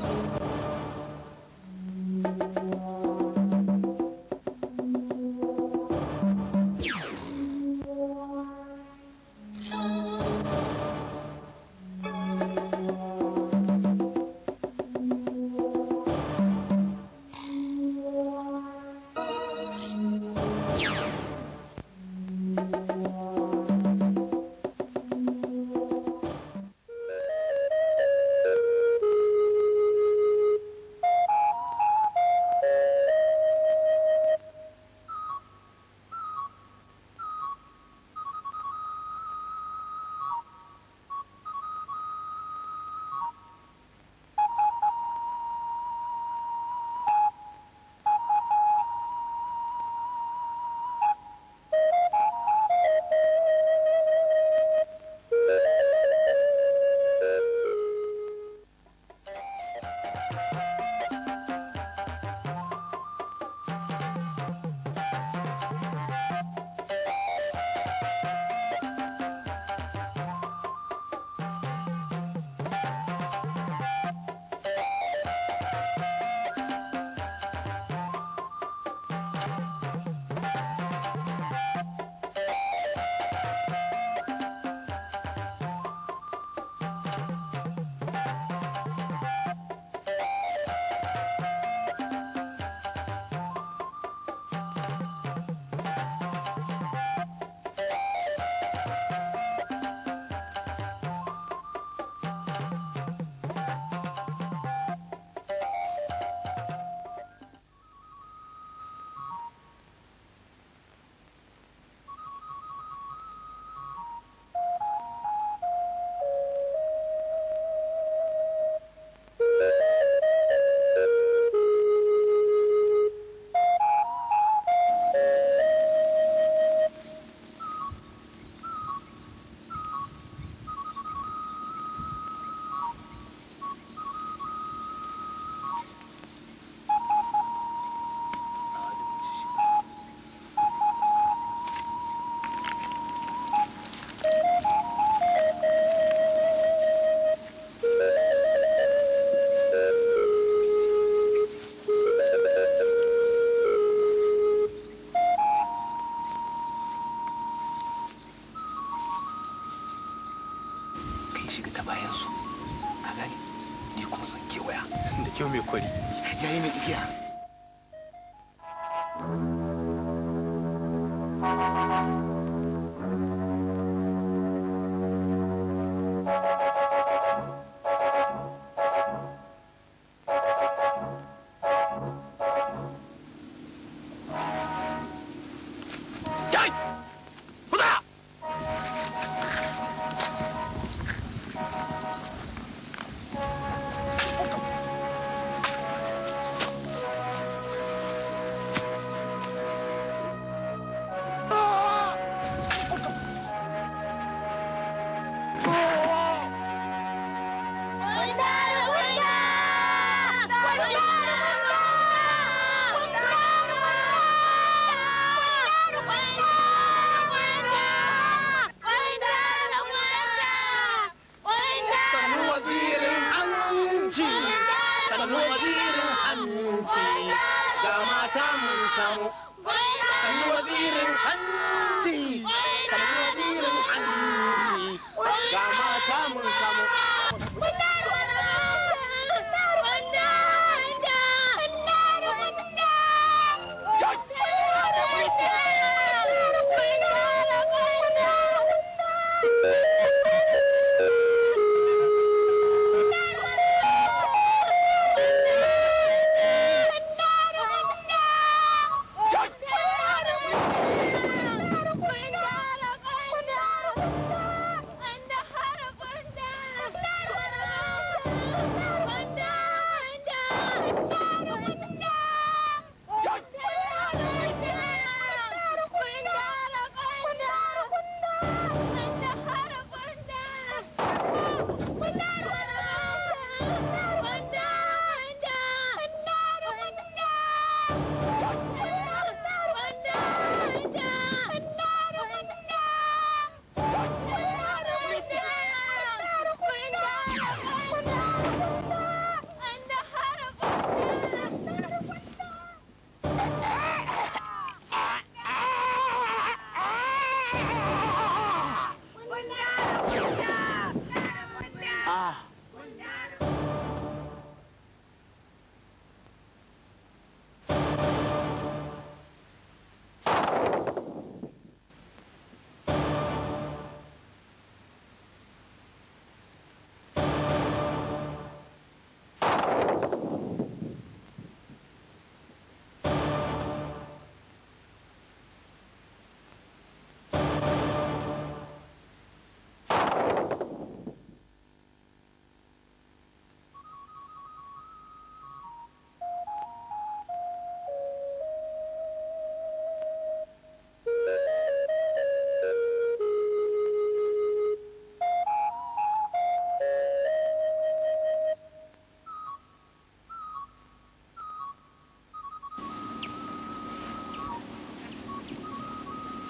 Thank you.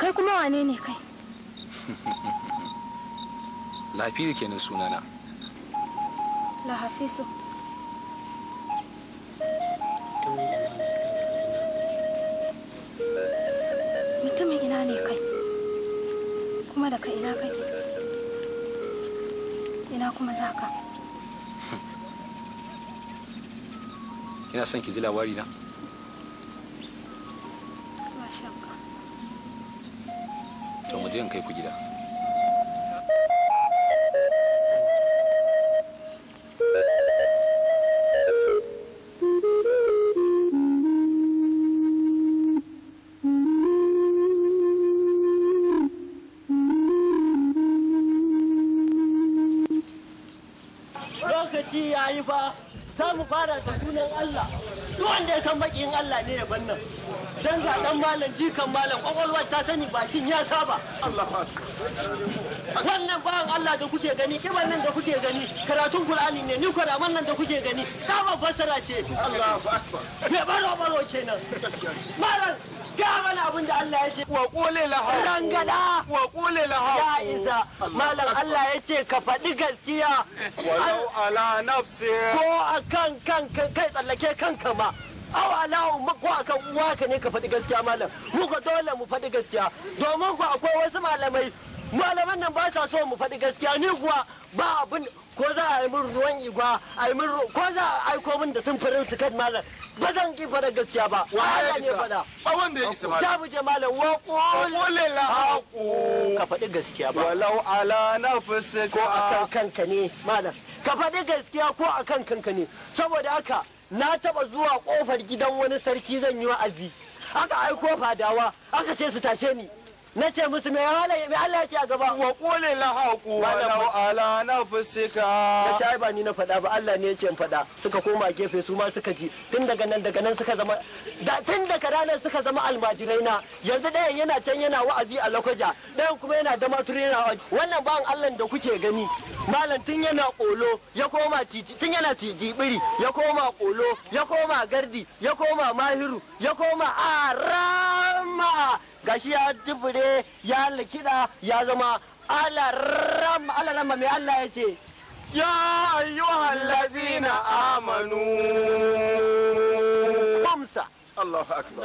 kai kuma wane ne kai lafiyu kenan sunana lahafisu mutumin ina ne kai kuma daga ina kake ina kuma za ka ina son ki ji labari na 这样可以估计的。malam jikan malam kwakwalwar ta sani bakin ya saba wannan bayan Allah da kuke gani kiban nan da kuke gani karatun Qur'ani ne ni kwaraman nan da kuke gani kama fassara ce Allahu baro baro kenan malam ga mana abin da Allah ya ce wa qule laha rangada wa laha ya isa malam Allah ya ce ka faɗi gaskiya walau ala nafsi ko akan kanka kai tsallake kanka ma awa lawo ko akan uwa ka ne ka faɗi gaskiya malam mu ka dole mu faɗi gaskiya domin ku akwai wasu malamai malaman nan ba sa so mu faɗi gaskiya ni kuwa ba abin ko za a yi min ruwan igwa a yi min ko za a aiko min da sun firin su kan malam ba zan ki faɗa gaskiya ba wa ya ne faɗa a wanda ya isa ta buje malam wa qul la aqu ka faɗi gaskiya ba walau ala nafsi ko akan kanka ne malam ka faɗi gaskiya ko akan kanka ne saboda haka na taba zuwa kofar gidan wani sarki zan yi wa'azi aka aiko fadawa aka ce su tashe ni na ce musu mai Allah ya ce a gaba wa qulil haqu wa law ala nafsika na ce ai ba ni na faɗa ba Allah ne ya ce in faɗa suka koma gefe su ma suka ji tun daga nan daga nan suka zama da tun daga ranar suka zama almajirai na yanzu ɗayan yana can yana wa'azi a lokaja ɗayan kuma yana da maturi yana wannan bawan Allah da kuke gani malam tun yana kolo ya koma titi tun yana titi biri, ya koma kolo ya koma gardi ya koma mahiru ya koma arama gashi ya jibire ya likida ya zama alaram alaram mai Allah ya ce ya ayyuhal lazina amanu khamsa Allahu akbar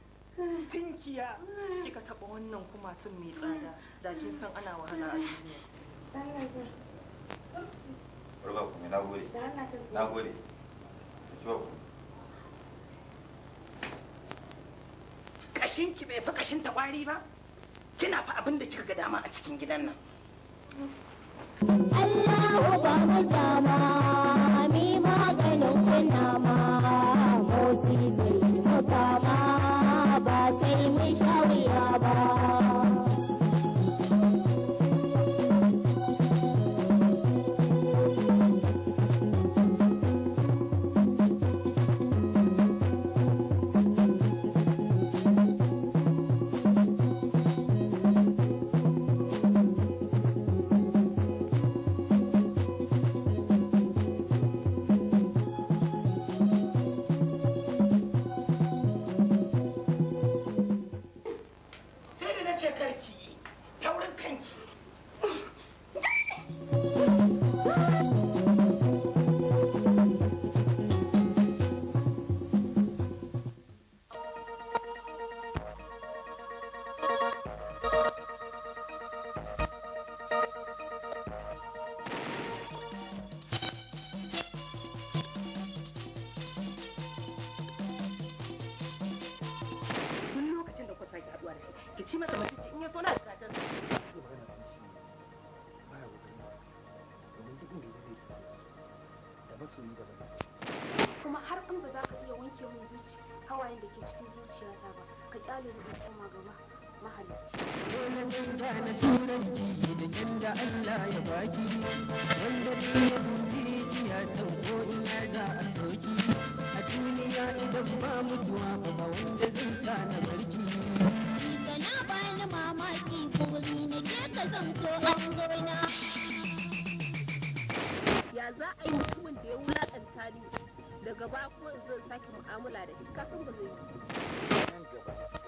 tinkiya kika taba wannan kumatun mai tsada da kin san ana wahala a duniya Kashin ki bai fi kashin ba? Kina fi abin da kika ga dama a cikin gidan nan. Allahu ba mu dama, mi maganin motsi zai fama. ba sai mun sha wuya ba mutuwa ba ba wanda zai sa na barci Da na bani mamaki ko ni na je ka zanto an na. ya za a yi mutumin da ya wulakanta ni daga ba kuma zan sake mu'amala da kafin ba zai yi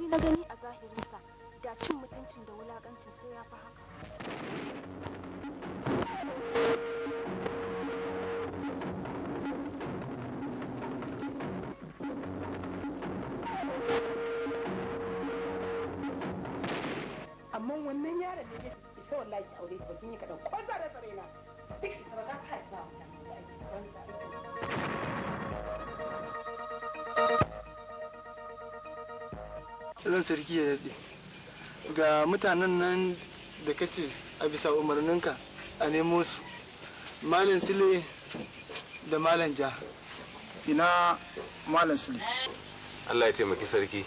shi na gani a zahirinsa da cin mutuncin da wulaƙa ɗan sarki ya daɗe ga mutanen nan da ka ce a bisa umarninka a nemo su malam sile da malam ja ina malam sile allah ya taimaki sarki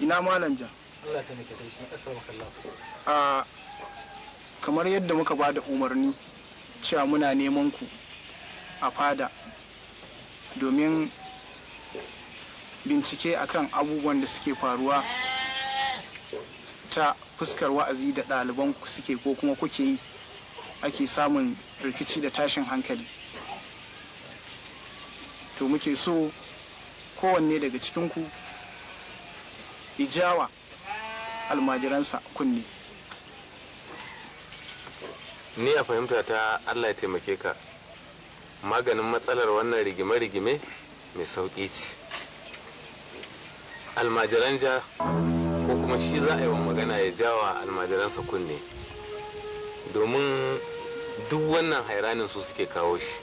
ina malam ja allah ya taimaki sarki a kamar yadda muka ba da umarni cewa muna neman ku a fada domin bincike akan abubuwan da suke faruwa ta fuskar wa'azi da ɗaliban suke ko kuma kuke yi ake samun rikici da tashin hankali to muke so kowanne daga cikinku ijawa almajiransa kunne ni a fahimta ta allah ya taimake ka maganin matsalar wannan rigime-rigime mai sauƙi ce almajiran ja ko kuma shi za a yi wa magana ya ja wa almajiransa kunne domin duk wannan hairanin su suke kawo shi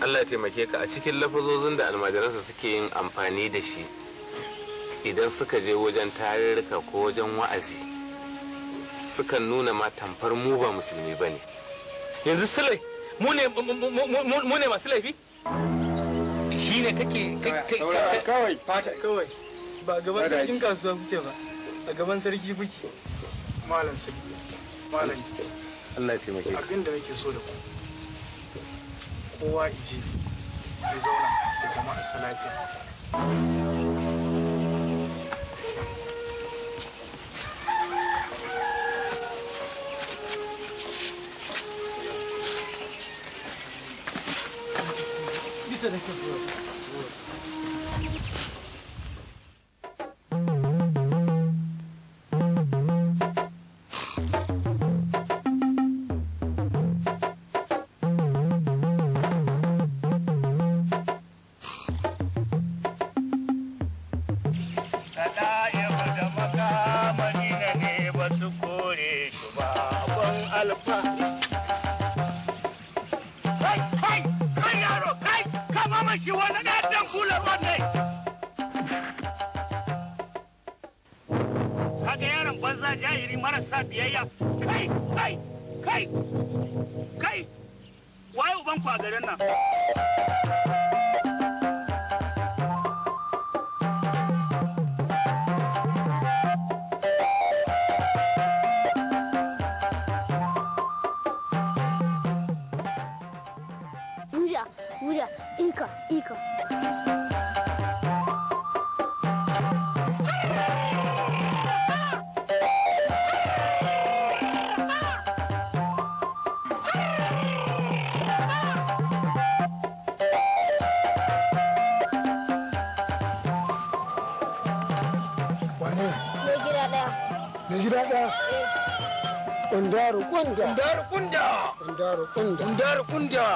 allah taimake ka a cikin lafazozin da almajiransa suke yin amfani da shi idan suka je wajen tarirka ko wajen wa'azi suka nuna ma tamfar mu ba musulmi ba ne yanzu sulai mu ne masu laifi ne kake kawai fata kawai ba gaban sarkin kasuwa kuke ba a gaban sarki kuke malam sarki malam Allah ya taimake ka abinda nake so da ku kowa iji ya zauna da jama'a salati Thank you. Kundaru kunda. Kundaru kunda.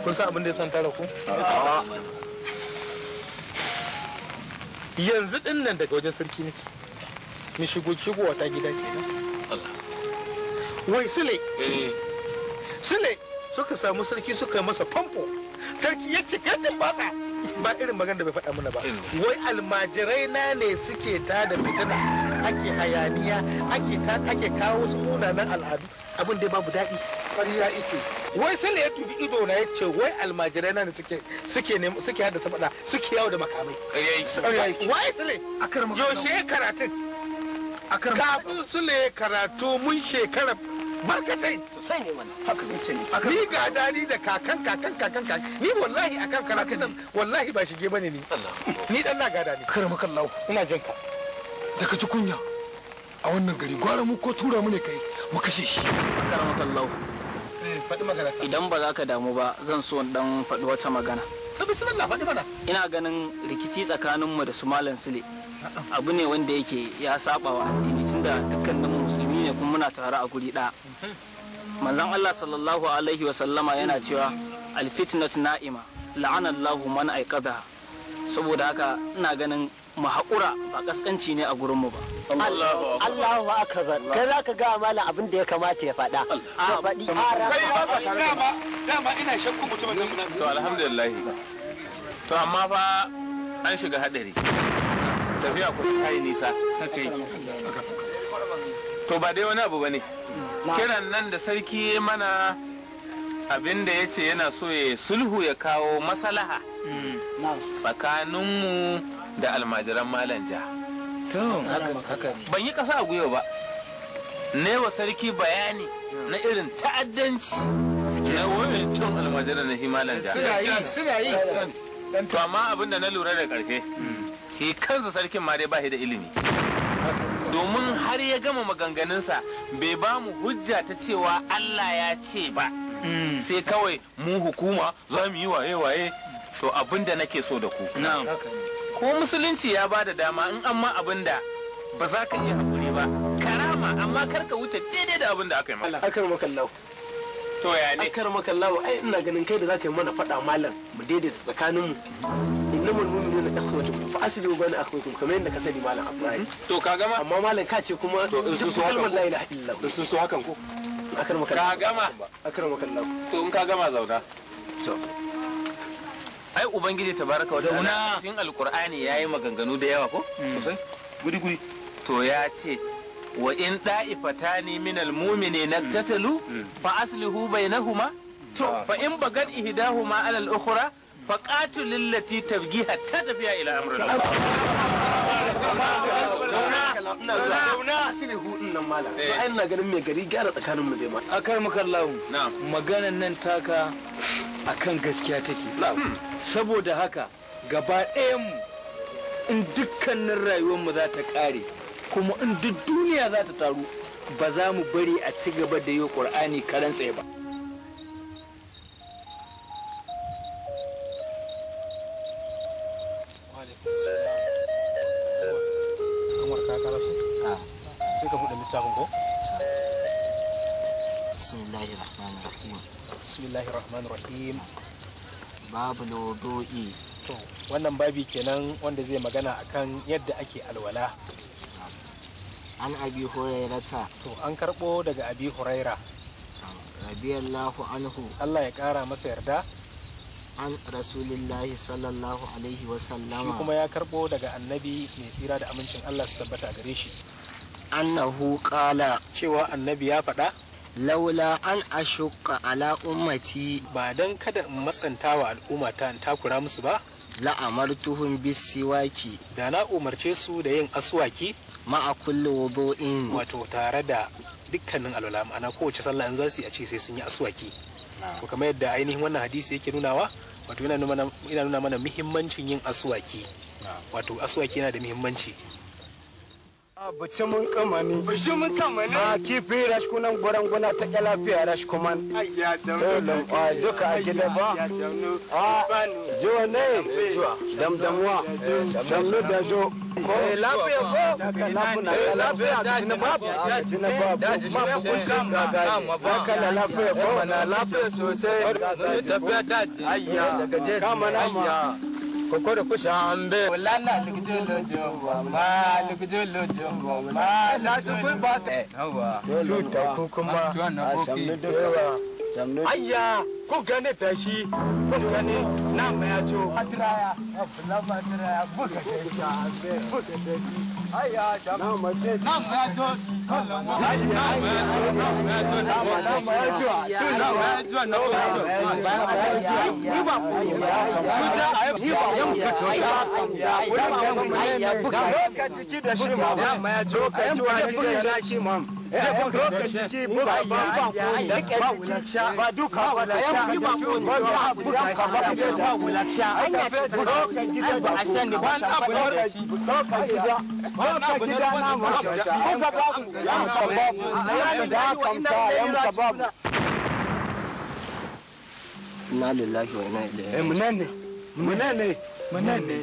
kun sa abin da ya tantara ku? Ah. yanzu din nan daga wajen sarki nake ni shigo shigo ta gida nan wai sule eh. sule suka samu sarki suka yi masa famfo sarki ya ci gajin batsa ba irin magana da bai faɗa mana ba wai almajirai na ne suke ta da fitina ake hayaniya ake kawo su munanan al'adu abin da babu daɗi ƙarya ike wai sale ya tubi ido na ya ce wai almajirai na suke suke ne suke haddasa fada suke yawo da makamai wai sale yaushe karatun kafin sule karatu mun shekara barkatai sosai ne wannan haka zance ne ni ga dani da kakan kakan kakan kakan ni wallahi a kan karatun nan wallahi ba shige bane ni ni dan na ga dani karmakallahu ina jin ka daga ci kunya a wannan gari gwara mu ko tura mu ne kai mu kashe shi karmakallahu faɗi magana idan ba za ka damu ba zan so dan faɗi wata magana to bismillah faɗi mana ina ganin rikici tsakanin mu da su malam sule abu ne wanda yake ya saba wa addini tunda dukkanin musulmi ne kuma muna tare a guri ɗaya mhm. manzon Allah sallallahu alaihi wa sallama yana cewa alfitnat na'ima la'anallahu man aiqadaha saboda haka ina ganin mu haƙura ba kaskanci ne a gurinmu ba. Allahu akbar. Kai za ka gaya malam abin da ya kamata ya faɗa. A faɗi dama dama ina shakku mutumin nan To alhamdulillah. To amma fa an shiga hadari. Tafiya ku ta yi nisa. To ba dai wani abu ba ne. Kiran nan da sarki mana abin da ya ce yana so ya sulhu ya kawo masalaha mm. tsakaninmu da almajiran malam ban yi kasa a gwiwa ba ne wa sarki bayani na irin ta'addanci na wurin cin almajiran na himalan suna yi to amma abin da na lura da karfe shi kansa sarkin ma dai ba shi da ilimi domin har ya gama maganganunsa bai ba mu hujja ta cewa Allah ya ce ba mm. sai kawai mu hukuma za mu yi waye-waye to abinda nake so da ku ko musulunci ya ba da dama in amma abin da ba za ka iya haƙuri ba karama amma kar ka wuce daidai da abin da aka yi maka akar makallahu to ya ne akar makallahu ai ina ganin kai da za ka yi mana faɗa malam mu daidaita tsakanin mu innamal mu'minuna ikhwatun fa aslihu bayna akhawaykum kamar yadda ka sani malam Ibrahim hmm? to ka gama amma malam ka ce kuma to in sun so hakan la ilaha illallah in sun so hakan ko akar makallahu ka gama akar makallahu to in ka gama zauna to ai ubangiji tabaraka wa ta'ala cikin alqur'ani yayi maganganu da yawa ko hmm. sosai guri guri to ya ce wa in da'ifatani min na hmm. tatalu hmm. fa aslihu bainahuma to ah. fa in bagad ihdahuma ala al-ukhra fa qatil lillati tabgi hatta tafiya ila amrillah ina zuwa asiri hudun nan to eh. ai ina ganin mai gari gyara tsakanin mu zai ma akar muka lawo maganan nan taka akan gaskiya take hmm. saboda haka gaba ɗayan mu in dukkanin rayuwar mu za ta kare kuma in duk duniya za ta taru ba za mu bari a ci gaba da yi ƙur'ani karan tsaye ba littafin ko bismillahir rahmanir rahim bismillahir rahmanir rahim babu lodo'i to wannan babi kenan wanda zai magana akan yadda ake alwala an abi hurairata to an karbo daga abi huraira radiyallahu anhu Allah ya kara masa yarda an rasulillahi sallallahu alaihi wasallama shi kuma ya karbo daga annabi mai tsira da amincin Allah su tabbata gare shi annahu kala cewa annabi ya faɗa laula an ashuka ala ummati ba dan kada in matsanta wa al'umma ta in takura musu ba la'amartuhum bisiwaki da na umarce su da yin aswaki ma'a kullu wudu'in wato tare da dukkanin alwala ma'ana kowace sallah in za su yi a ce sai sun yi aswaki to kamar yadda ainihin wannan hadisi yake nunawa wato yana nuna mana muhimmancin yin aswaki wato aswaki yana da muhimmanci a kamani bace kamani a kifi rash kunan gwaran guna ta kyala fiya rash kuman tolon a duka a gida ba a jo ne damdamwa damlu eh, da jo eh, lafiya ko eh, lafiya jina babu jina babu ma kun san kaga ba kala lafiya ko lafiya sosai tafiya daji kama na ma kokoro ku shambe lana lugjo lojo ma lugjo lojo ma la su ku ba te hawa su ta ku kuma a shambe da yawa Ayya, ku gane tashi, gane na Matiraya, da shi da sha ba duka ba da yan yi ba ko ba da duka ka ba da ba wula sha hanya ce ta zo kan gidan ba a san ne ba na ba da shi ba ka gida ba ka gida na mu ko ba mu ya ka ba mu ya da ka ya ba mu inna lillahi wa inna ilaihi eh, raji'un munane munane munane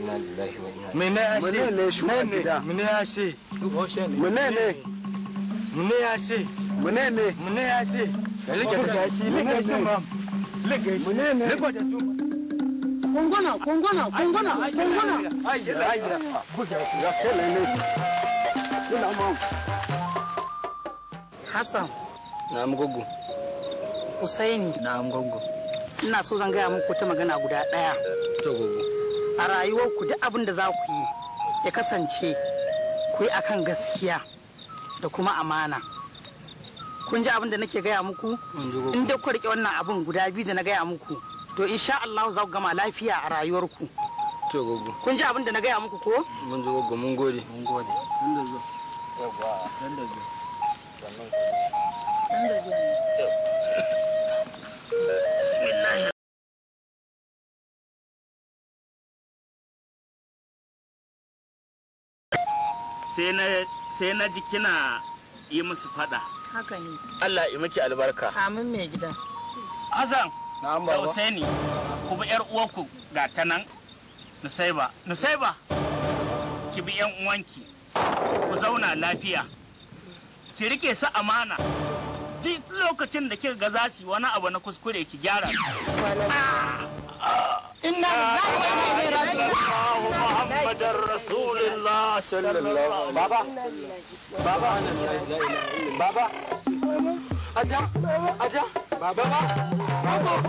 inna lillahi wa inna ilaihi raji'un munane shugaban gida munane shi munane munane munane munane munane Hassan. Na'am gogo. Usaini. Na'am gogo. Ina so zan gaya muku ta magana guda ɗaya. To gogo. A rayuwarku duk abin da za ku yi ya kasance ku yi akan gaskiya da kuma amana. kun ji abin da nake gaya muku in dai ku rike wannan abin guda biyu da na gaya muku to insha Allah za ku gama lafiya a rayuwarku to gogo kun ji abin da na gaya muku ko mun ji gogo mun gode mun gode san da yawa san da san da sai na ji kina yi musu fada Allah ya miki albarka amin mai gida Hassan da Usaini, ku bi yar uwarku ga ta nan Nusaiba Nusaiba ki bi yan uwanki ku zauna lafiya ki rike su amana duk lokacin da kika ga za su yi wani abu na kuskure ki gyara إنا الله محمد رسول الله صلى الله عليه وسلم بابا بابا بابا أجا أجا بابا بابا بابا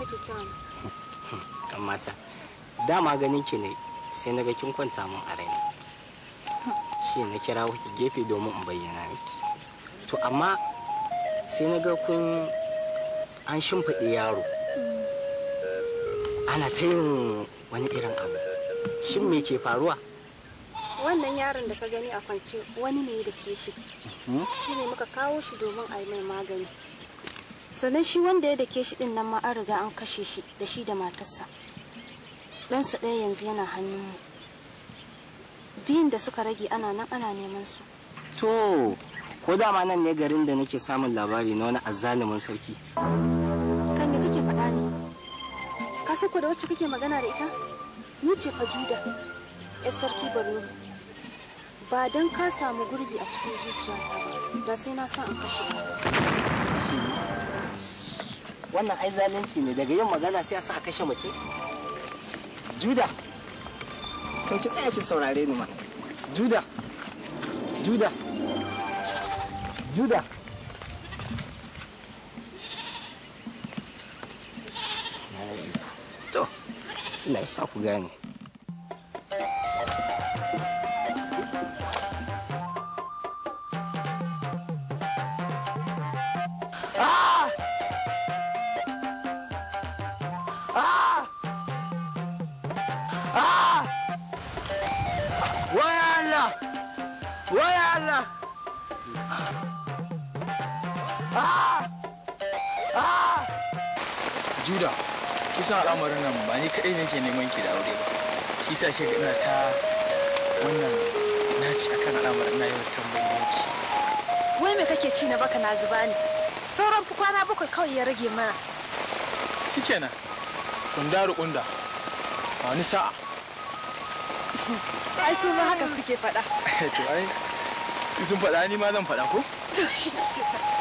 kake kira kan mata dama ganin ki ne sai na ga kin kwanta min a raina shi na kira ki gefe domin in bayyana miki to amma sai na ga kun an shimfiɗe yaro ana ta yin wani irin abu shin me ke faruwa wannan yaron da ka gani a kwance wani ne da ke shi mm-hmm. shi ne muka kawo shi domin a yi mai magani sannan shi wanda ya dake shi din nan ma an riga an kashe shi da shi da matarsa ɗansa ɗaya yanzu yana hannun mu biyun da suka rage ana nan ana neman su to ko dama nan ne garin da nake samun labari na wani azzalumin sarki kan me kake faɗa ne ka sako da wacce kake magana da ita ni ce fa juda yar sarki barori ba dan ka samu gurbi a cikin zuciyata ba da sai na sa an kashe ka wannan ai zalunci ne daga yin magana sai a sa a kashe mutum juda to ki tsaya ki saurare ni ma juda juda juda to Allah ya sa ku gani al'amarin nan ba ni kaɗai nake neman ki da aure ba shi sa ke ina ta wannan naci akan al'amarin na yau tambayoyin ki wai me kake ci na baka na zuba ne sauran fi kwana bakwai kawai ya rage mana shikenan kunda rukunda ba wani sa'a ai su ma haka suke faɗa to ai sun faɗa ni ma zan faɗa ko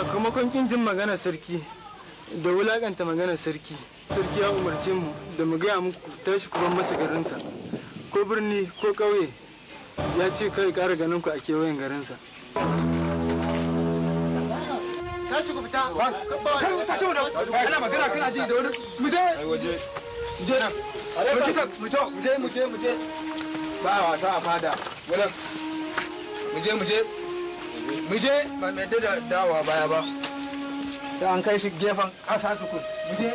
sakamakon kin jin magana sarki da wulakanta magana sarki sarki ya umarce mu da mu gaya muku tashi ku ban masa garinsa ko birni ko ƙauye ya ce kai ƙara ganin ku a kewayen garinsa tashi ku fita tashi mu da ana magana kana ji da wani mu je mu je mu je mu je mu je ba wasa a fada wurin mu je mu je muje ba mai da dawa baya ba da an kai shi gefen kasa tukun mu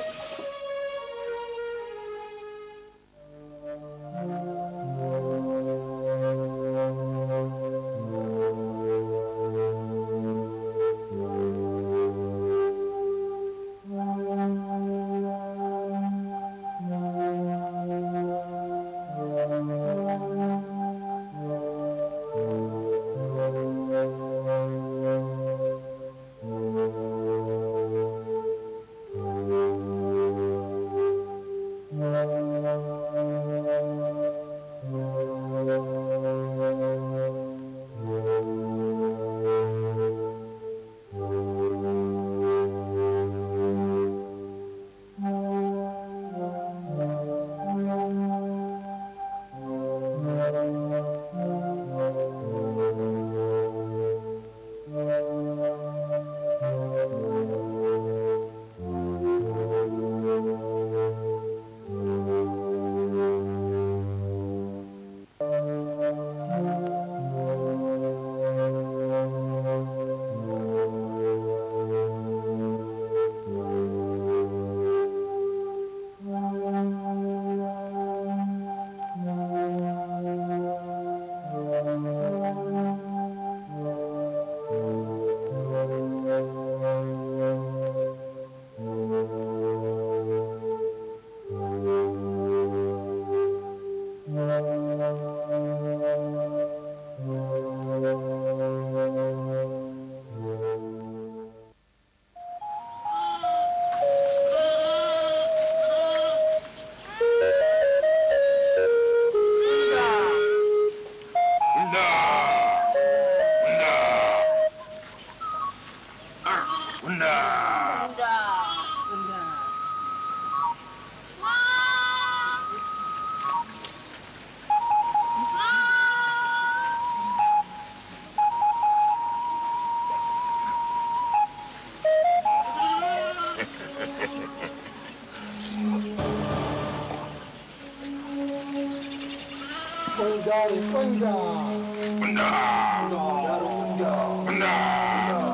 간다.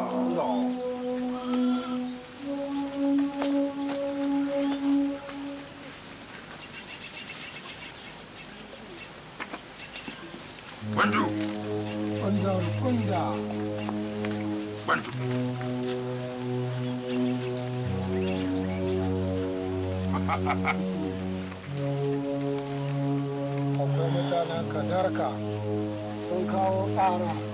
완주. 완주 끈다. 완주. 하하하하. 어, 그러면 그 다르까. 손가락 따라.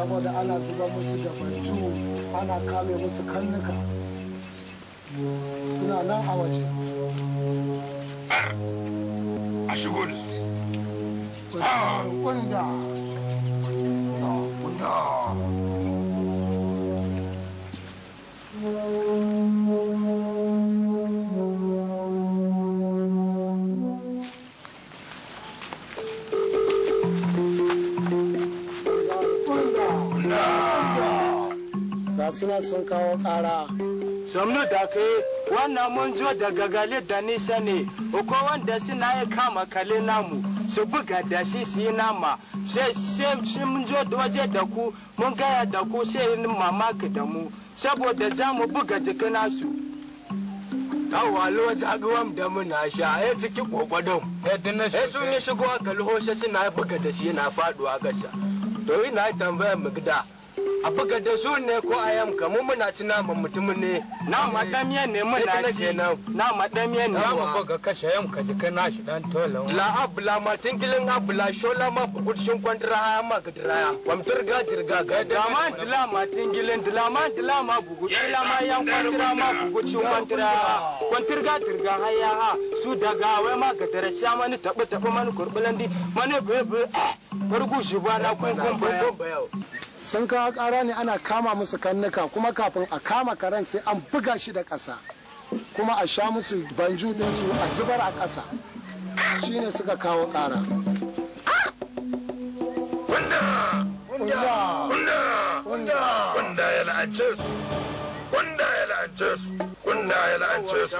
saboda ana zuba musu da bantu ana kame musu kannuka suna nan a waje a shigo da su suna sun kawo kara. Samnu da kai wannan mun zo daga gale da nisa ne, ko wanda suna yi kama kale namu, su buga da shi su yi nama, sai mun zo waje da ku mun gaya da ku sai mamaki da mu, saboda za mu buga jikin nasu. kawo lokaci agawam da muna sha ya ciki kokodon ya sun yi shigo a kalhoshe suna buga da shi na faduwa gasha to ina tambayar gida. a buga da su ne ko a yamka mu muna ci naman mutumin ne na madamiyan ne na ci na madamiyan ne wa ko ga kashe yam ka ji kana shi dan tola la abla ma tingilin abla shola ma shin kwandira ha ma gidira diraya wamtir ga jirga ga da ma dila ma tingilin dila ma dila ma bugurshin dila ma yan kwandira ma shin kwandira kwantir ga ha ya ha su daga wai ma ga darasha mani tabbata tabu mani ni di mani bebe bargu shi ba na kun kun bayo sun kawo ƙara ne ana kama musu kannuka kuma kafin a kama karen sai an buga shi da ƙasa kuma a sha musu banju su a zubar a ƙasa shine suka kawo ƙara Kunda ya la'ance kunda ya la'ance su, kunda ya la'ance su,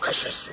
kashe su.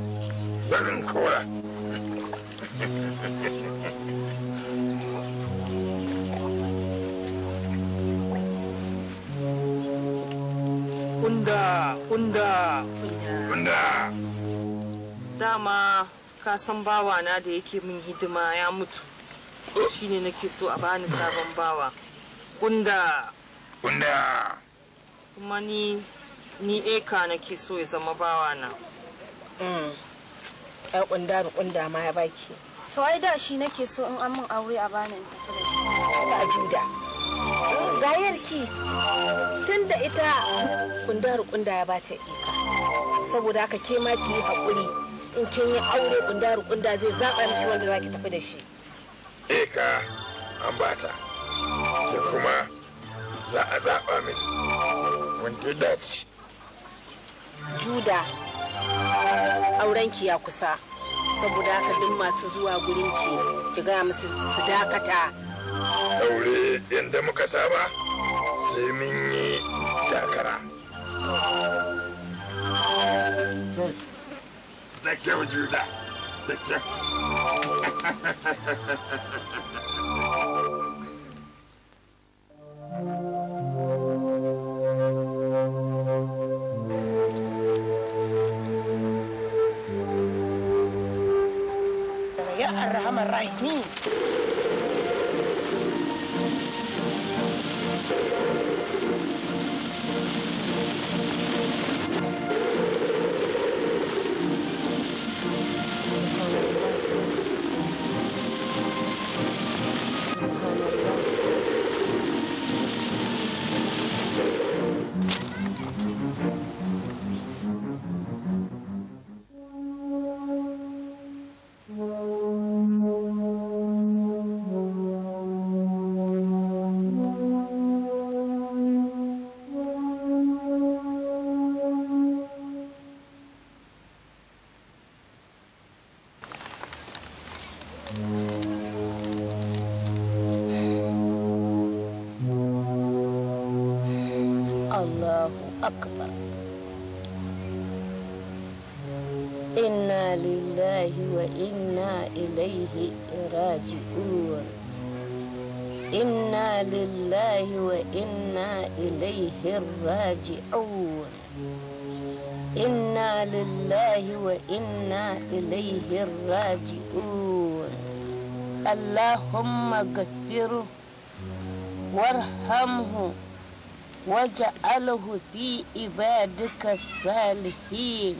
barin kora kunda Dama ka san bawa na da yake min hidima ya mutu. Shine nake so a bani sabon bawa. kunda kunda Kuma ni, ni eka nake so ya zama bawa na. Mm. ya kunda kunda ma ya baki to ai da shi nake so in an min aure a bani in tafi da shi ba juda gayarki tun da ita kunda kunda ya bata ika saboda haka ke ma ki yi hakuri in kin yi aure kunda kunda zai zaba miki wanda zaki tafi da shi eka an bata ke kuma za a zaɓa miki wanda ya dace juda aurenki ya kusa saboda haka duk masu zuwa gurinki ki gaya musu su dakata aure yadda muka saba sai mun yi takara pra فاغفره وارحمه واجعله في عبادك الصالحين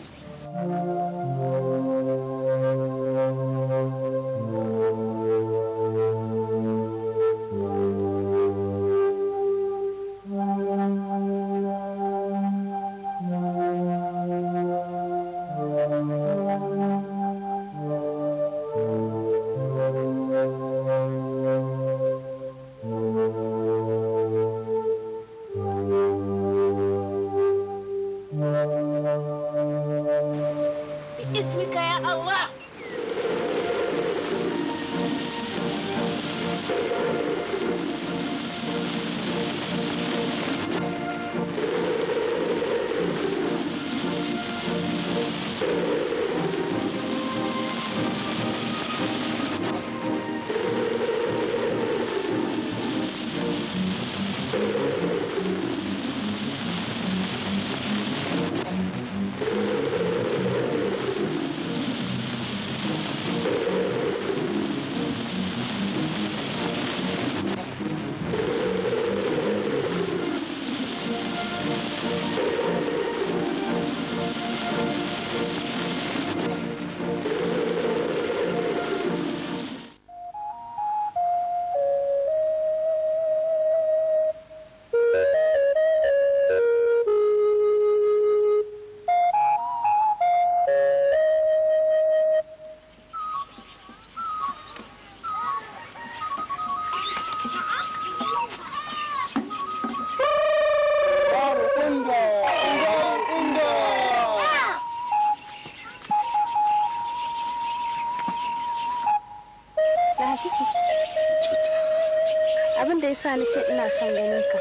yasa na ce ina son ganin ka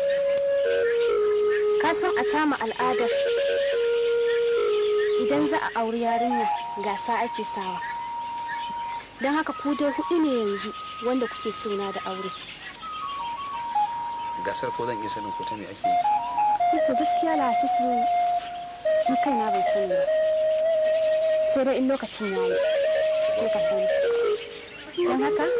ka san a tama al'adar idan za a auri yarinya gasa ake sawa don haka ku dai hudu ne yanzu wanda kuke suna da aure gasar ko zan iya sanin ko ta me ake yi eh to gaskiya lafisi ni kaina bai sani ba sai dai in lokacin yayi sai ka sani don haka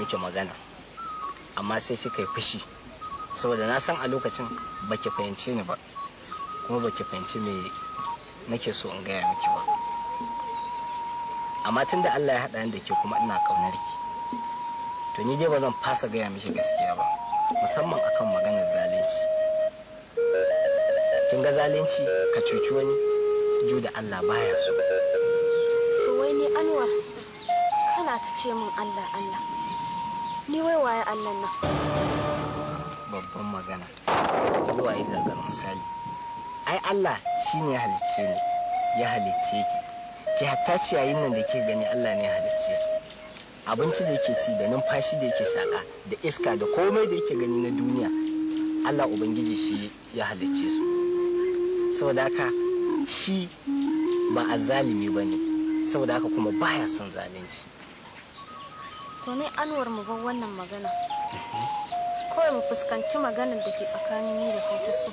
miki magana amma sai kika yi fushi saboda na san a lokacin baki fahimce ni ba kuma baki fahimci me nake so in gaya miki ba amma tunda Allah ya haɗa ni da ke kuma ina ƙaunar ki to ni dai ba zan fasa gaya miki gaskiya ba musamman akan maganar zalunci kin ga zalunci ka cuci wani ju da Allah baya so to wai ni Anwar kana ta ce min Allah Allah Ni wai waye Allah nan? Babban magana. Ni waye gagar misali. Ai Allah shine ya halicce ni, ya halicce ki. Ki hatta ciyayin nan da ke gani Allah ne ya halicce su. Abinci da yake ci da numfashi da yake shaka da iska da komai da yake gani na duniya Allah Ubangiji shi ya halicce su. Saboda haka shi ba a zalimi ba ne, saboda haka kuma baya son zalunci. to ne anwar mu bar wannan magana kawai mu fuskanci maganar da ke tsakanin ni da kai ta so.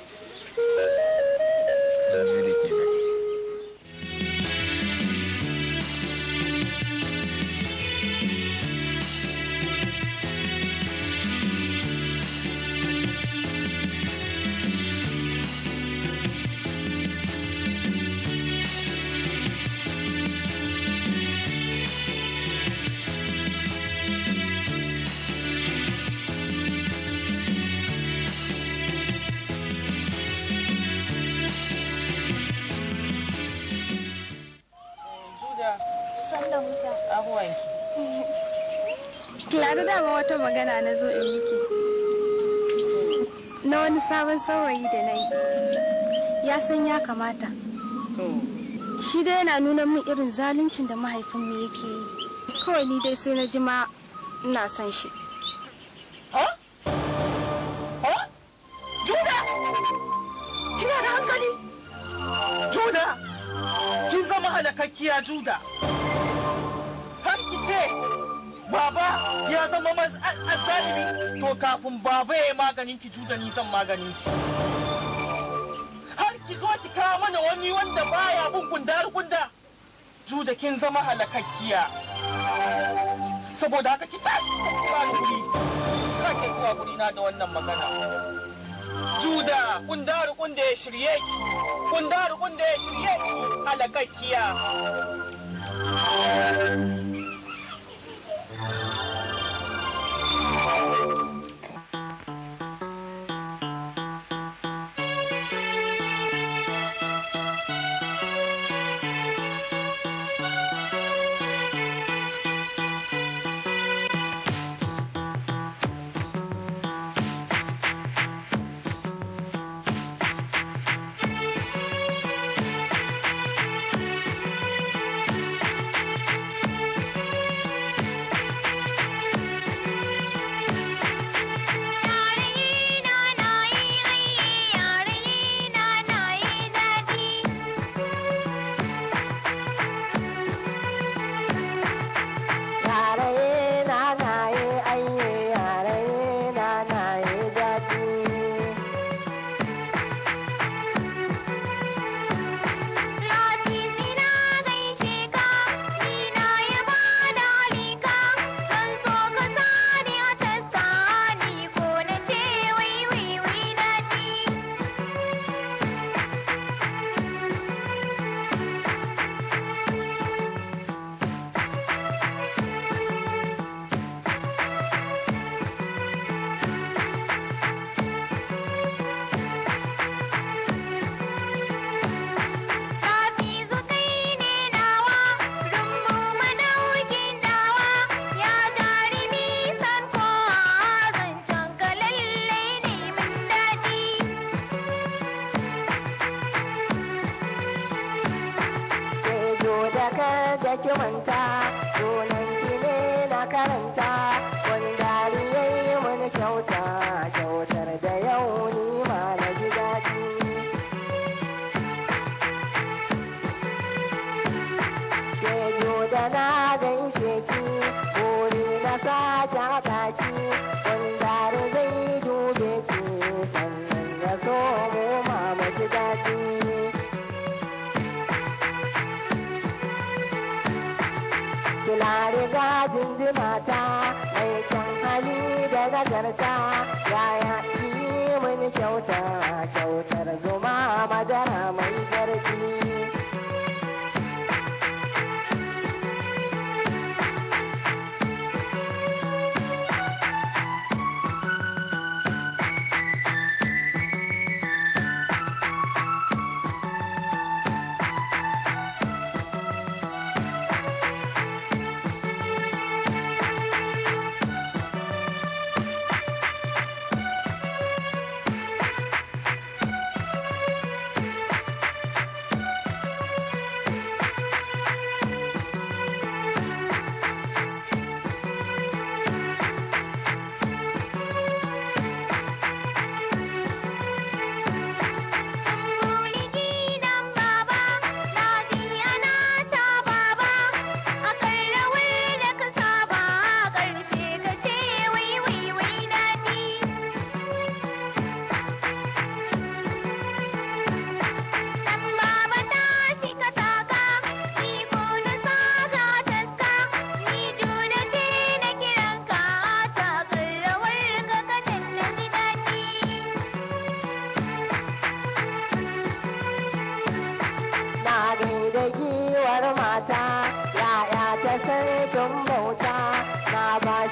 magana na zo in miki na wani sabon saurayi da na yi ya san ya kamata shi dai yana nuna min irin zaluncin da mahaifinmu yake yi kawai ni dai sai na ji ma ina son shi Juda, kin zama halakakkiya Juda, har ki ce baba ya zama azzalimi to kafin baba ya maganin ki juda ni zan maganin ki har ki zo ki kawo mana wani wanda baya bin gundar gunda juda kin zama halakakkiya saboda haka ki tashi ba ni guri sake zuwa guri na da wannan magana juda gundar gunda ya shirye ki gundar gunda ya shirye ki halakakkiya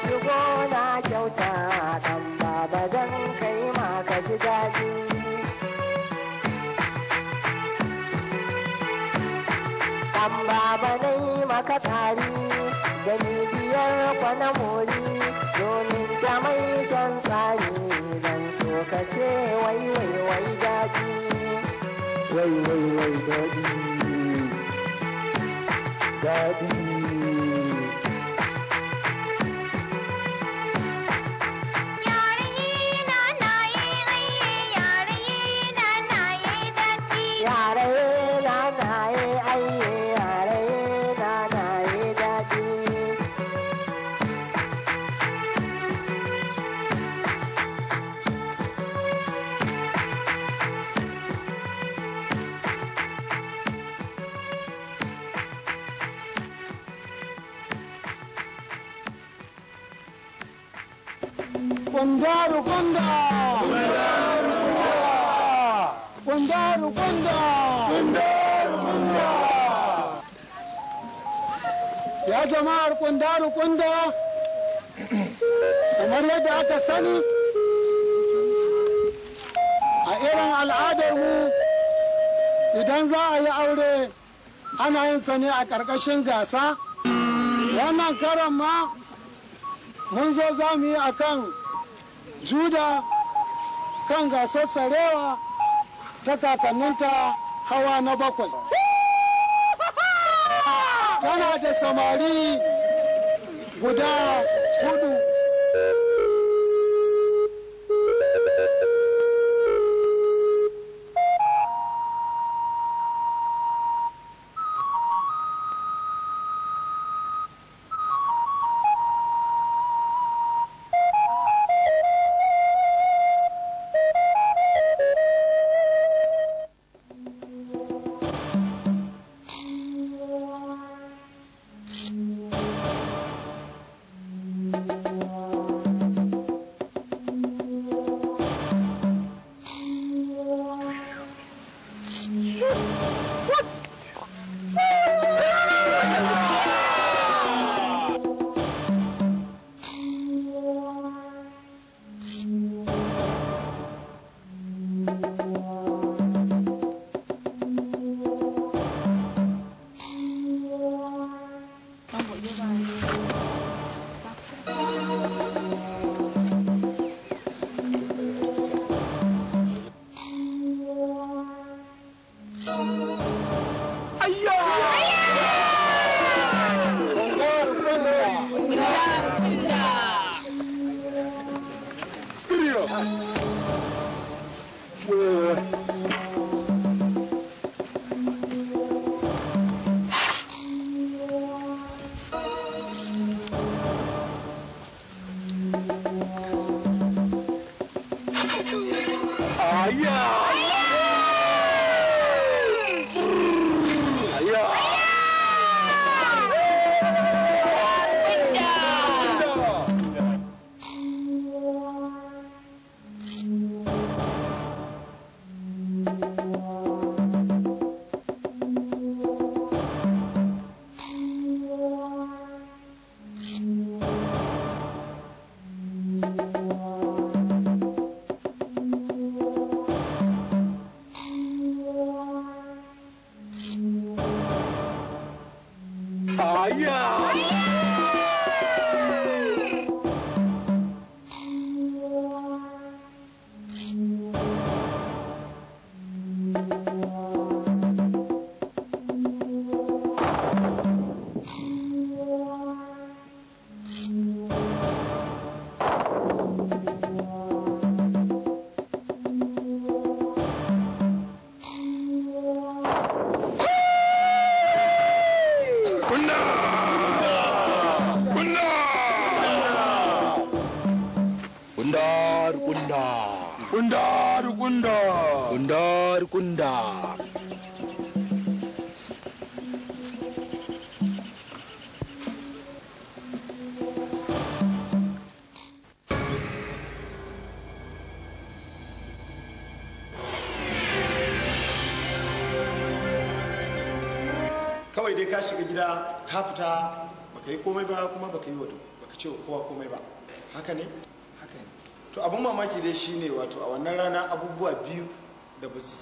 shigo na kyauta kan baba zan kai ma ka ji daɗi. Kan baba nai maka tari da biyar kwana mori domin da mai kyan tsari zan so ka ce wai wai wai daji Wai wai wai ya jama'ar kunda rukunda kamar yadda aka sani a irin al'adarmu idan za a yi aure ana yin sa ne a ƙarƙashin gasa wannan karan ma mun zo za mu yi a kan juda kan gasar sarewa ta kakanninta hawa na bakwai tana da samari guda hudu 喂喂喂。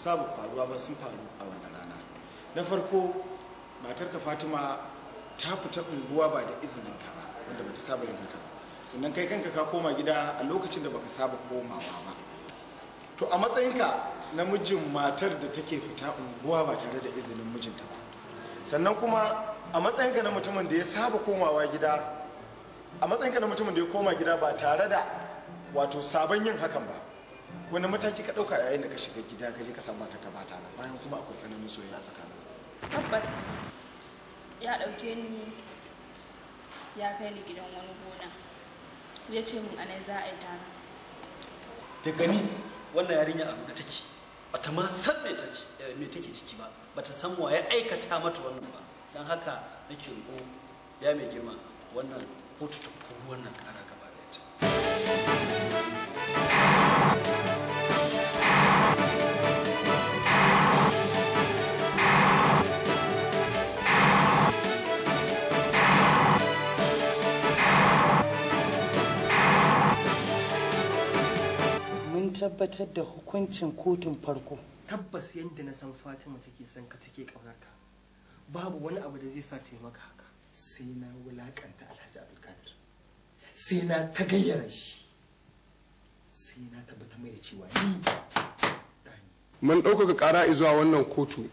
saba faruwa ba sun faru a wannan rana na farko matarka fatima ta fita unguwa ba da izinin ka ba wanda bata saba yin haka ba sannan kai kanka ka koma gida a lokacin da baka saba komawa ba to a matsayinka namijin matar da take fita unguwa ba tare da izinin mijinta ba sannan kuma a matsayinka na mutumin da ya saba komawa gida a matsayinka na mutumin da ya koma gida ba tare da wato sabon yin hakan ba wani mataki ka ɗauka yayin da ka shiga gida ka je ka san mata ka bata nan bayan kuma akwai tsananin soyayya tsakanin tabbas ya ɗauke ni ya kai ni gidan wani gona ya ce mun anai za a yi tara da gani wannan yarinya abu da take bata ma san me ta eh, take ciki ba bata san wa ya aikata mata wannan ba don haka nake roƙo ya mai girma wannan kotu ta kori wannan kara gaba ɗaya tabbatar da hukuncin kotun farko tabbas yadda na san fatima take son ka take ƙaunarka babu wani abu da zai sa taimaka haka sai na wulakanta alhaji abdulkadir sai na ta gayyara shi sai na tabbata mai da cewa ni man ɗaukaka ƙara zuwa wannan kotu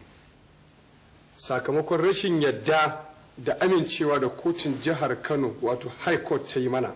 sakamakon rashin yadda da amincewa da kotun jihar kano wato high court ta yi mana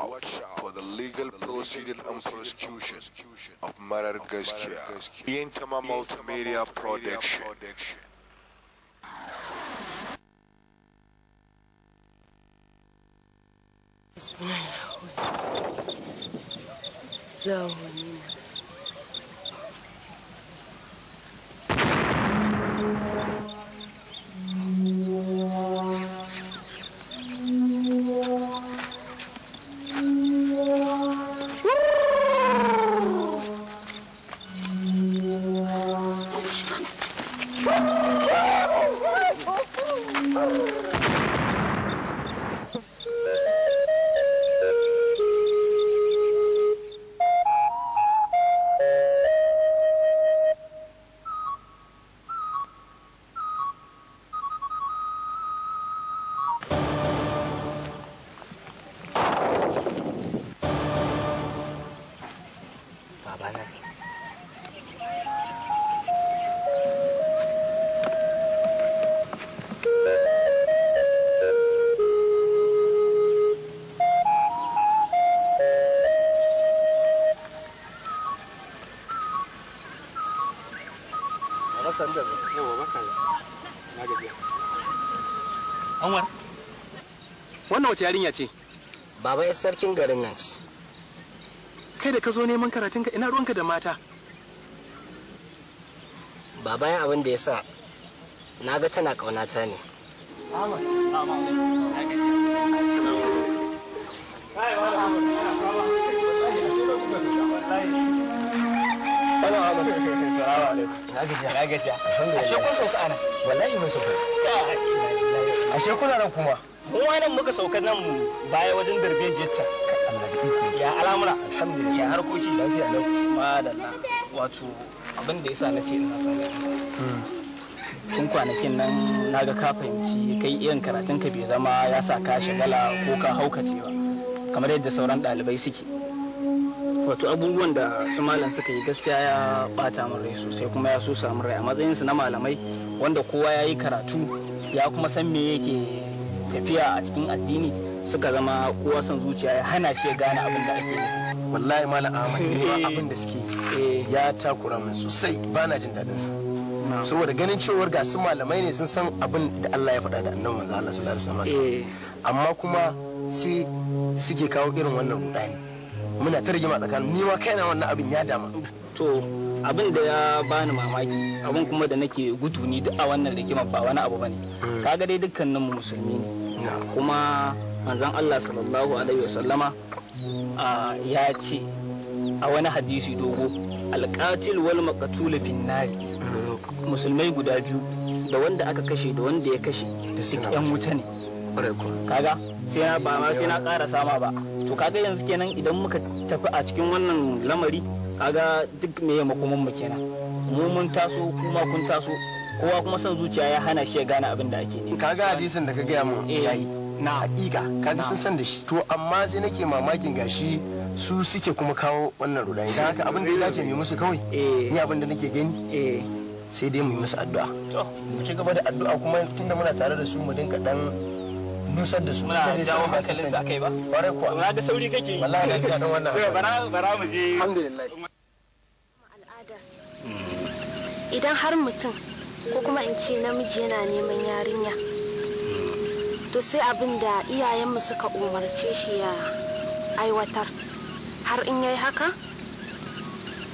out for the legal proceeding and prosecution of Marar Gaskiya in Multimedia Production. Bismillahirrahmanirrahim. wace yarinya ce baba ya sarkin garin nan ce kai da ka zo neman karatunka ina ruwanka da mata baba ya abin da ya sa na ga tana ƙaunata ne Na gajiya. Na gajiya. Ashe kun sauka ana. Wallahi mun sauka. ashe kuna nan kuma mu nan muka sauka nan baya wajen darbejiyarta ya al'amura alhamdulillah ya harkoki lafiya lau madalla wato abin da yasa na ce ina son hmm. tun kwanakin nan na ga ka fahimci kai irin karatun ka bai zama ya sa ka shagala ko ka haukace ba kamar yadda sauran ɗalibai suke wato abubuwan da su malam suka yi gaskiya ya bata min rai sosai kuma ya so samun rai a matsayinsu na malamai wanda kowa ya yi karatu ya kuma san me yake tafiya a cikin addini suka zama kowa son zuciya ya hana shi ya gane abin da ake wallahi malam ahmad ne eh. abin da suke eh. ya takura min sosai ba na jin daɗin sa saboda ganin cewar ga su malamai ne sun san abin da Allah ya faɗa da annabi manzo Allah sallallahu alaihi wasallam eh. amma kuma sai suke kawo irin wannan rudani muna ta rigima tsakanin ni ma kaina wannan abin ya dama to abin da ya bani mamaki abin kuma da nake gudu ni duk a wannan ke ba wani abu bane hmm. kaga dai dukkanin mu musulmi ne kuma manzon Allah sallallahu alaihi wasallama ya ce a wani hadisi dogo alqatil wal maqtul fin nari hmm. musulmai guda biyu da wanda aka kashe da wanda ya kashe duk yan wuta ne kaga sai na ba ma sai na karasa ma ba to kaga yanzu kenan idan muka tafi a cikin wannan lamari kaga duk me ya makoman mu kenan mu mun taso kuma kun taso kowa kuma son zuciya ya hana shi ya gane abin da ake ne kaga hadisin da ka gaya mu eh. yayi na hakika kaga sun san da shi to amma sai nake mamakin gashi su suke kuma kawo wannan rudani da haka abin da ya dace mai musu kawai eh. ni abin da nake gani eh. sai dai mu yi musu addu'a to mu ci gaba da addu'a kuma tunda muna tare da su mu dinka dan busar da su muna jawo hankalin su akai ba bare kuwa na ga sauri kake yi wallahi na ji dadin wannan to bara bara mu je alhamdulillah al'ada idan har mutum ko kuma in ce namiji yana neman yarinya to sai abin da iyayenmu suka umarce shi ya aiwatar har in yayi haka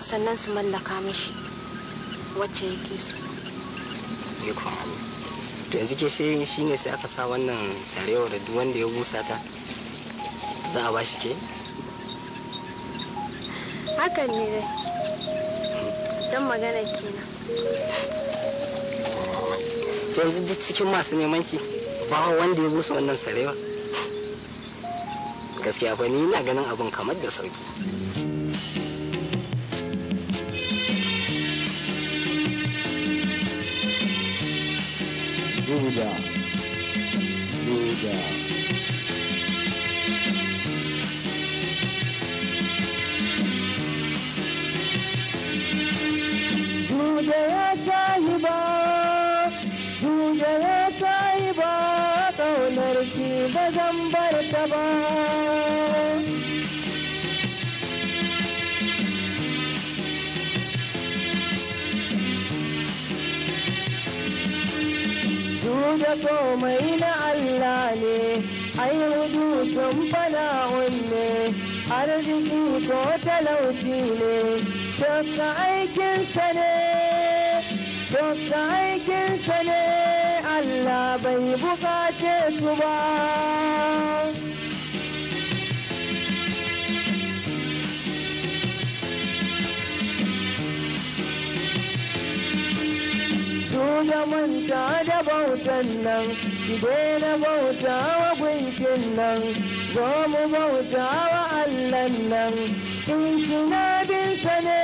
sannan su mallaka mishi wacce yake so. to yanzu ke shi ne sai aka sa wannan sarewa da wanda ya busa ta za a bashi ke hakan ne dai don magana kenan to yanzu duk cikin masu neman ki ba wanda ya busa wannan sarewa gaskiya ba ni ina ganin abin kamar da sauki Buddha, Buddha. komai na Allah ne ai hududun fana'un ne arziki ko talauci ne shakka aikinsa ne shakka aikinsa ne Allah bai bukace su ba manta da bautan nan ki bauta wa gunkin nan zo mu bauta wa allan nan in kina na ne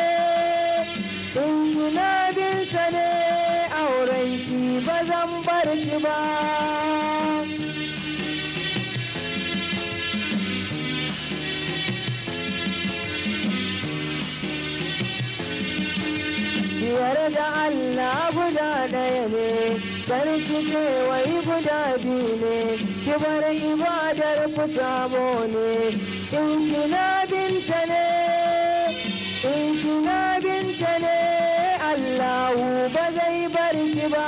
ne sarki kai wai guda biyu ne ki bar ibadar ku samo ne in kina binta ne in kina binta ne Allahu ba zai bar ki ba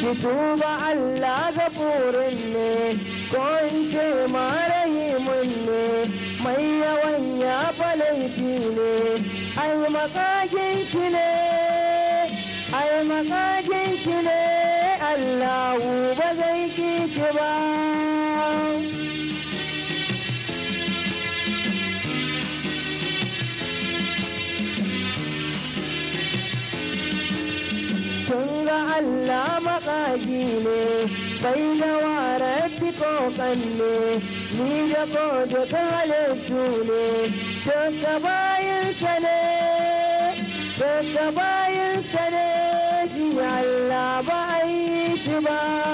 Ki tuba Allah gafurin ne ko in ce marahimun ne mai yawan ya falaifi ne ai makakin ne ai makakin ki ne allahu ba zai ki ba ga Allah makagi ne baiwa rabbi kokan ne ni da gojo ta halittu ne duka bayansa ne duka bayansa ne shi Allah ba a yi shi ba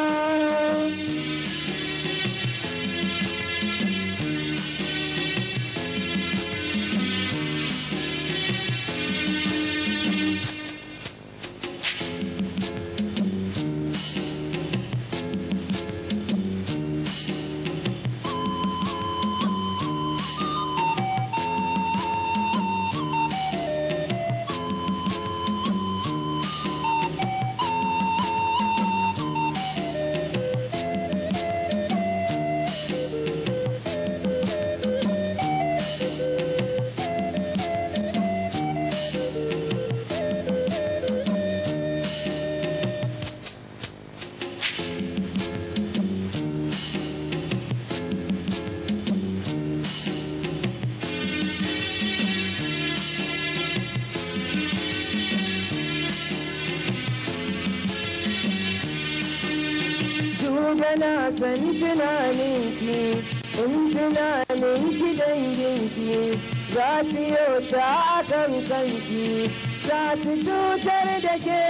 san tunaninki in tunaninki danginki za su ta a kan kanki za su cutar da ke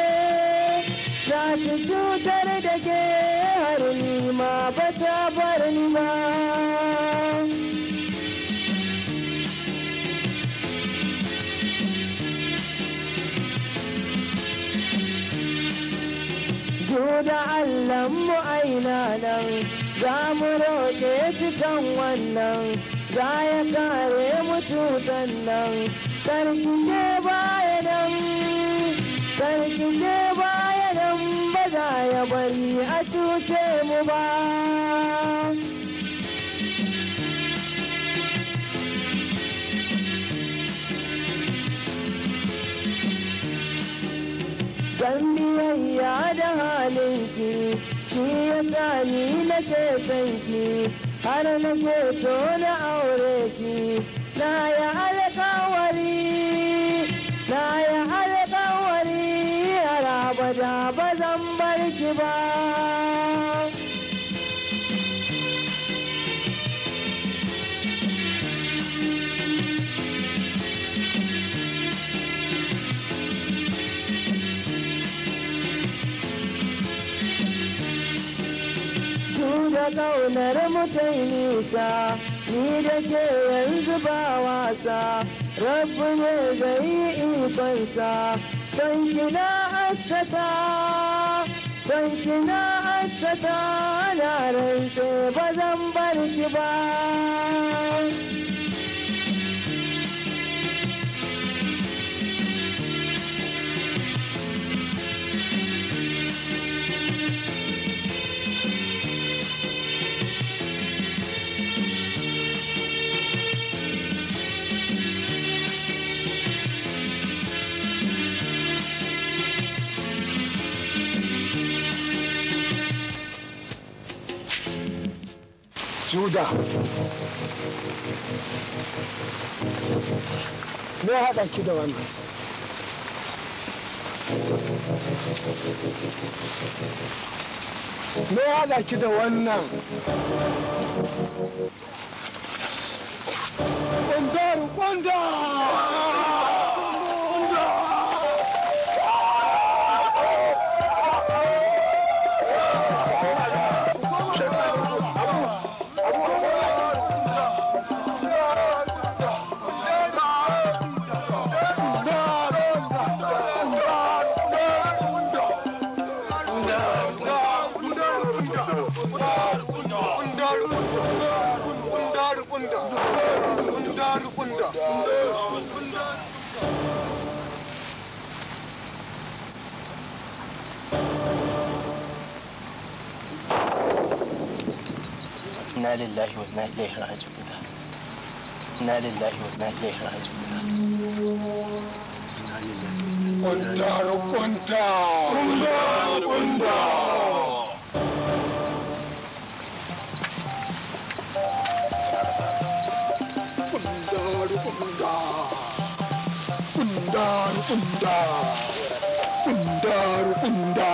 za su cutar da ke har ni ma ba ta bar ni ba za mu roƙe can wannan za ya kare mu cutan nan sarki की हर मुझे डोले ƙaunar mutai nisa ni da ke yanzu ba wasa rabu ne da yi ikonsa son kina haskata son kina haskata na rance ba zan bar ki ba juda me haɗa ki da wannan me ki da wannan وإنا إليه راجعون إنا لله وإنا إليه راجعون والدار كنت والدار كنت Undar, undar, undar, undar.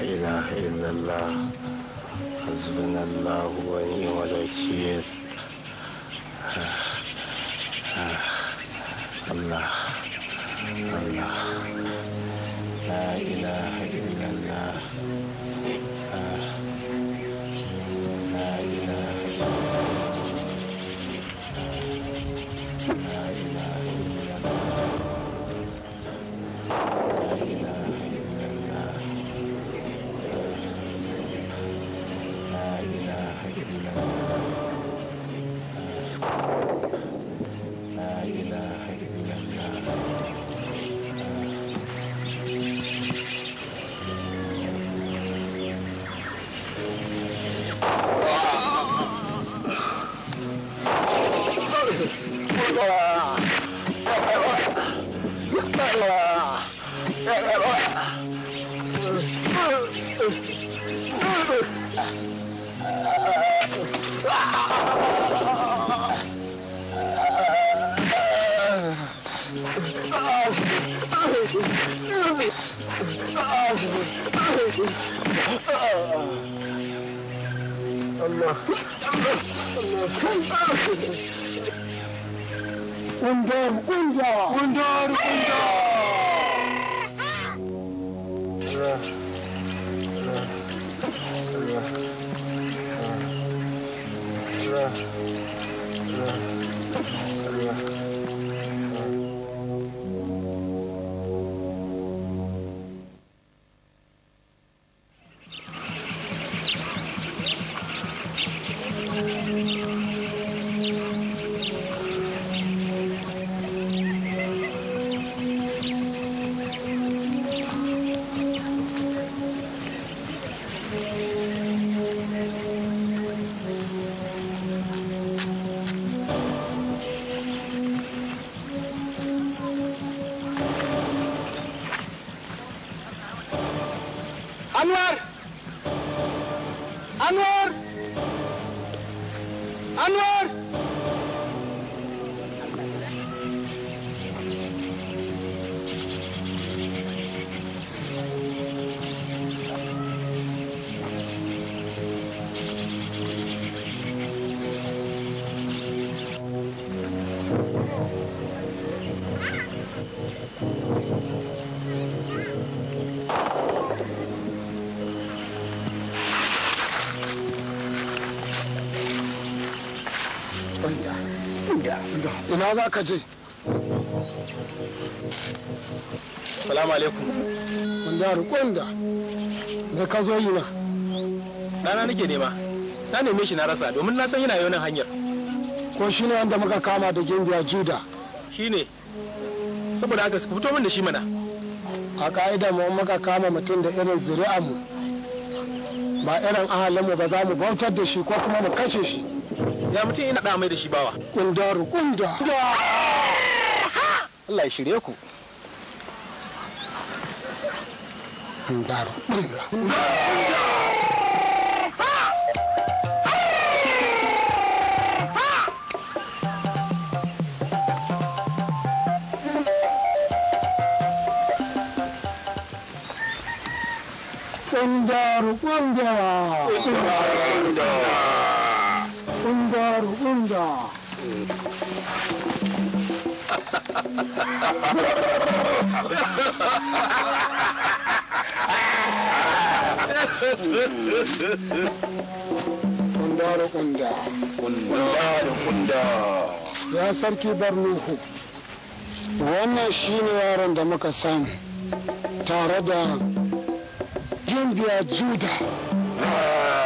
إله إلا الله حسبنا الله ونعم الوكيل Kundar, kundar. Kundar, kundar. ka je salamu alaikum wanda rukun da da ka zo yi na Dana nake nema na neme shi na rasa domin na san yana yaunin hanyar ko shi ne wanda muka kama da gimbiya juda shi ne saboda haka su fito min da shi mana a ka'ida mu muka kama mutum da irin zuri'a mu ba irin ahalin mu ba za mu bautar da shi ko kuma mu kashe shi ya mutum ina da mai da shi bawa kunda kunda Allah ya shirye ku kunda kunda Kundar, kundar. Kundaru kunda. Kundaru kunda. Ya sarki Barnuhu. Wannan shine yaron da muka samu tare da Gimbiya Juda. Ah.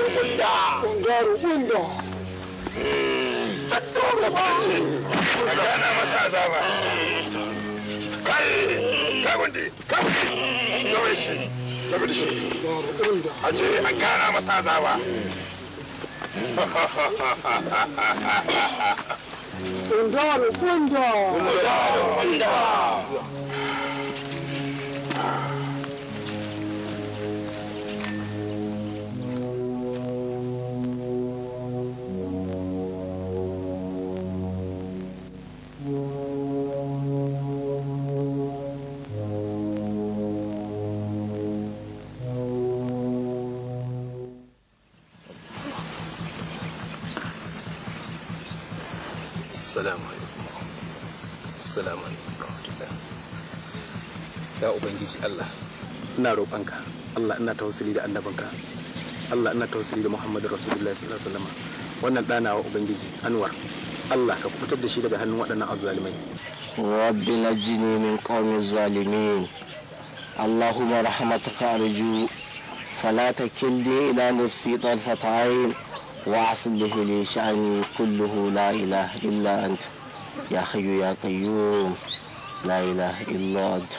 kungaru kunda kungaru ka gana masa azaba kai kai gundi kai gundi shi a ce an gana masa azaba kunda ina tausali da annabinka Allah ina tausali da Muhammadu Rasulullahi sallallahu alaihi wasallam wannan ɗana wa ubangiji Anwar Allah ka kubutar da shi daga hannun waɗannan azzalimai رب نجني من قوم الظالمين اللهم رحمتك أرجو فلا تكلني إلى نفسي طرفة عين وأصلح لي شأني كله لا إله إلا أنت يا حي يا قيوم لا إله إلا أنت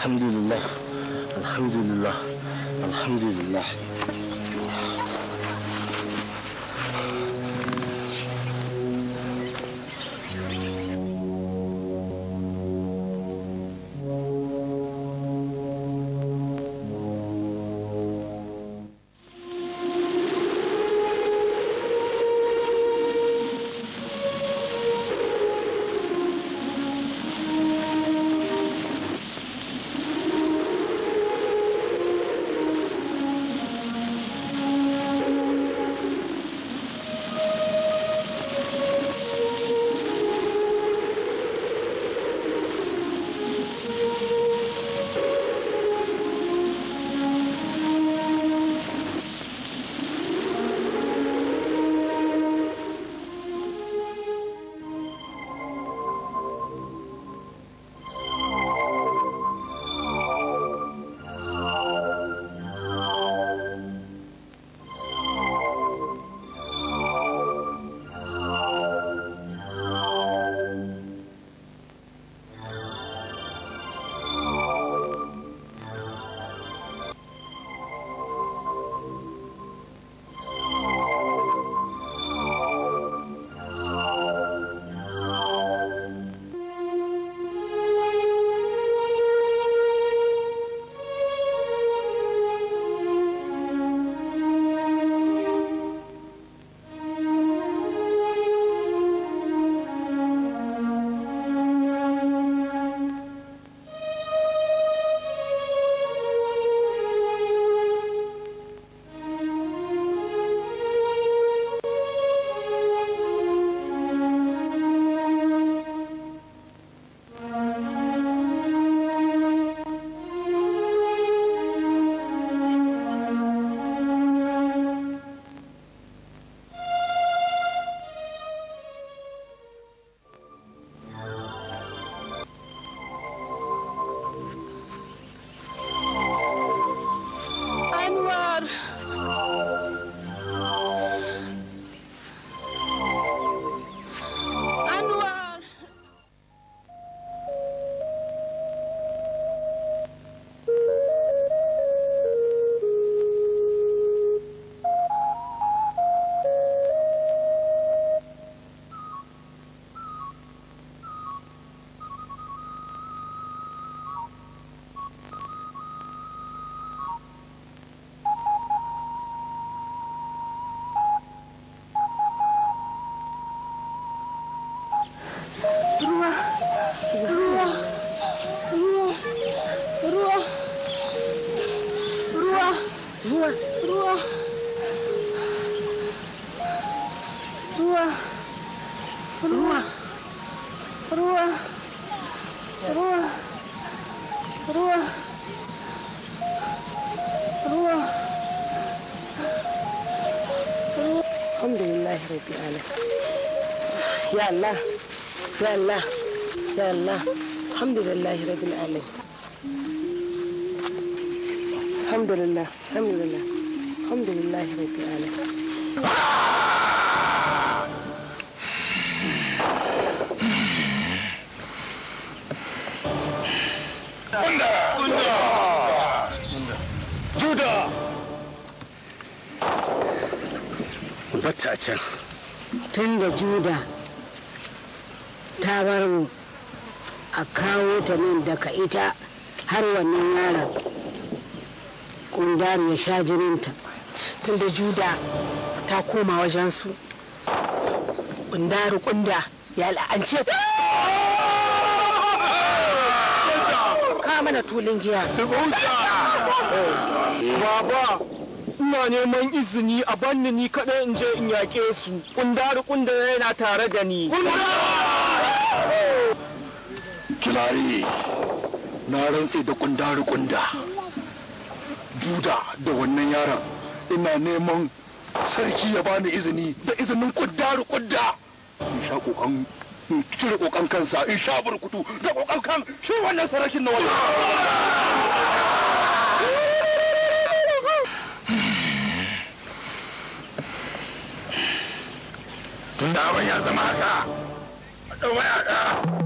الحمد لله الحمد لله الحمد لله الله يا الله الحمد لله رب العالمين الحمد لله الحمد لله الحمد لله رب العالمين Juda! Ku Juda ta bar mu a kawo ta nan daga ita har wannan yaron kundar ya sha jininta tunda juda ta koma wajen su kunda ya la'ance ta ka mana tulin giya baba ina neman izini a banni ni kaɗai in je in yaƙe su kundaru kunda yana tare da ni kundaru kilari na rantse da kundari kunda juda da wannan yaron ina neman sarki ya bani izini da izinin kundari kunda in sha kokan cire kokan kansa in sha burkutu da kokan kan shi wannan sarakin na wannan tun da abin ya zama haka Não vai agarrar. Ah,